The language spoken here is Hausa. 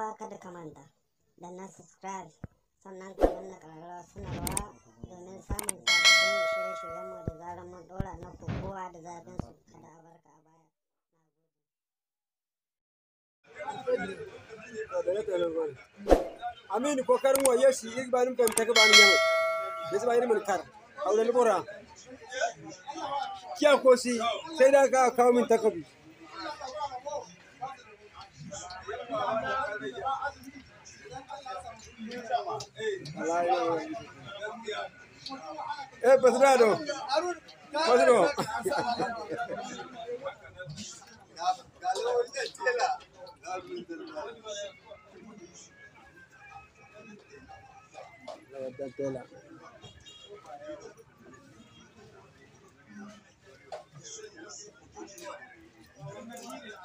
fa kada ka manta da na subscribe sannan ka danna suna sanarwa domin samun sabbin shirye mu da zarar mun ɗora na kokowa da zafin su kada a barka a baya. Amin ko karin wa yeshi igbanin fahimta ka bani yawa. Yesu ba irin kar. Auren libora. Kiyan kosi sai da ka kawo min takobi. Eh, Pedrero! Pedro. Thank you.